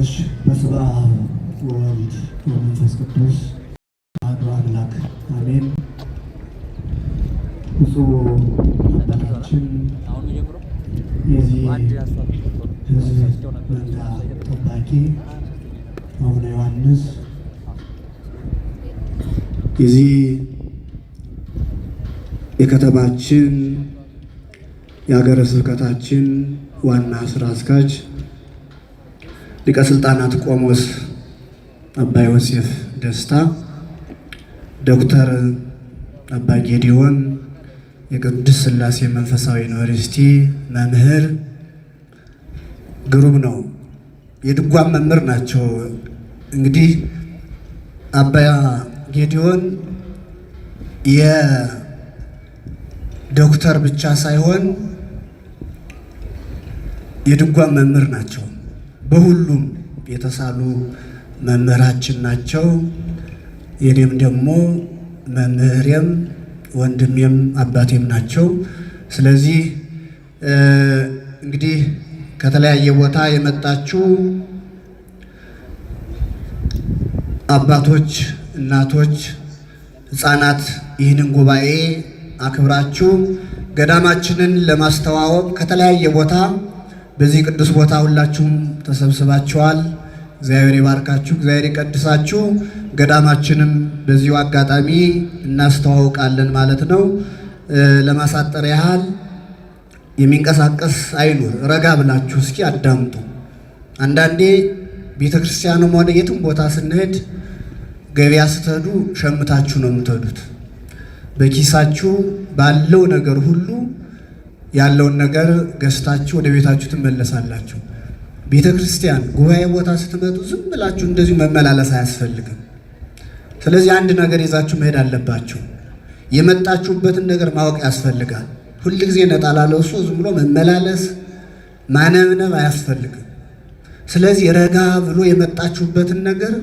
እሺ በስመ አብ ወወልድ ወመንፈስ ቅዱስ አሐዱ አምላክ አሜን። ብፁዕ አባታችን የዚህ ሕዝብ መንጋ ጠባቂ አቡነ ዮሐንስ የዚህ የከተማችን የሀገረ ስብከታችን ዋና ስራ አስኪያጅ ሊቀ ስልጣናት ቆሞስ አባ ዮሴፍ ደስታ፣ ዶክተር አባ ጌዲዮን የቅዱስ ስላሴ መንፈሳዊ ዩኒቨርሲቲ መምህር ግሩም ነው። የድጓም መምህር ናቸው። እንግዲህ አባ ጌዲዮን የዶክተር ብቻ ሳይሆን የድጓም መምህር ናቸው። በሁሉም የተሳሉ መምህራችን ናቸው። የኔም ደግሞ መምህሬም ወንድሜም አባቴም ናቸው። ስለዚህ እንግዲህ ከተለያየ ቦታ የመጣችሁ አባቶች፣ እናቶች፣ ህፃናት ይህንን ጉባኤ አክብራችሁ ገዳማችንን ለማስተዋወቅ ከተለያየ ቦታ በዚህ ቅዱስ ቦታ ሁላችሁም ተሰብስባችኋል። እግዚአብሔር ይባርካችሁ፣ እግዚአብሔር ይቀድሳችሁ። ገዳማችንም በዚሁ አጋጣሚ እናስተዋውቃለን ማለት ነው። ለማሳጠር ያህል የሚንቀሳቀስ አይኑር፣ ረጋ ብላችሁ እስኪ አዳምጡ። አንዳንዴ ቤተ ክርስቲያንም ሆነ የትም ቦታ ስንሄድ ገበያ ስትሄዱ ሸምታችሁ ነው የምትሄዱት። በኪሳችሁ ባለው ነገር ሁሉ ያለውን ነገር ገዝታችሁ ወደ ቤታችሁ ትመለሳላችሁ። ቤተ ክርስቲያን ጉባኤ ቦታ ስትመጡ ዝም ብላችሁ እንደዚሁ መመላለስ አያስፈልግም። ስለዚህ አንድ ነገር ይዛችሁ መሄድ አለባችሁ። የመጣችሁበትን ነገር ማወቅ ያስፈልጋል። ሁልጊዜ ጊዜ ላለው ዝም ብሎ መመላለስ ማነብነብ አያስፈልግም። ስለዚህ ረጋ ብሎ የመጣችሁበትን ነገር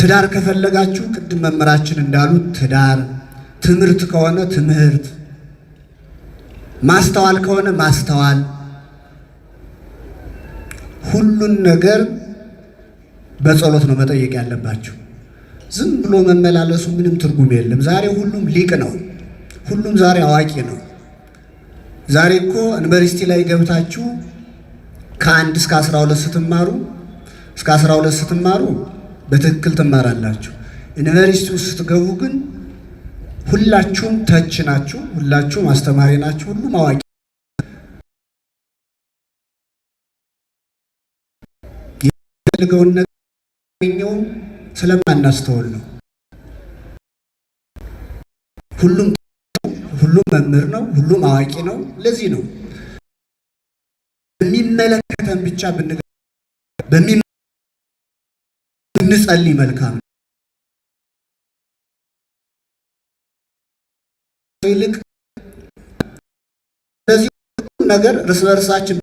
ትዳር ከፈለጋችሁ ቅድም መምህራችን እንዳሉት ትዳር፣ ትምህርት ከሆነ ትምህርት ማስተዋል ከሆነ ማስተዋል ሁሉን ነገር በጸሎት ነው መጠየቅ ያለባችሁ። ዝም ብሎ መመላለሱ ምንም ትርጉም የለም። ዛሬ ሁሉም ሊቅ ነው። ሁሉም ዛሬ አዋቂ ነው። ዛሬ እኮ ዩኒቨርሲቲ ላይ ገብታችሁ ከአንድ እስከ አስራ ሁለት ስትማሩ እስከ አስራ ሁለት ስትማሩ በትክክል ትማራላችሁ። ዩኒቨርሲቲ ውስጥ ስትገቡ ግን ሁላችሁም ተች ናችሁ፣ ሁላችሁም አስተማሪ ናችሁ፣ ሁሉም አዋቂ የሚፈልገውን ነገኛውም ስለማናስተውል ነው። ሁሉም ሁሉም መምህር ነው፣ ሁሉም አዋቂ ነው። ለዚህ ነው በሚመለከተን ብቻ ብንጸልይ መልካም ነው። ይልቅ ስለዚህ ነገር እርስ በርሳችን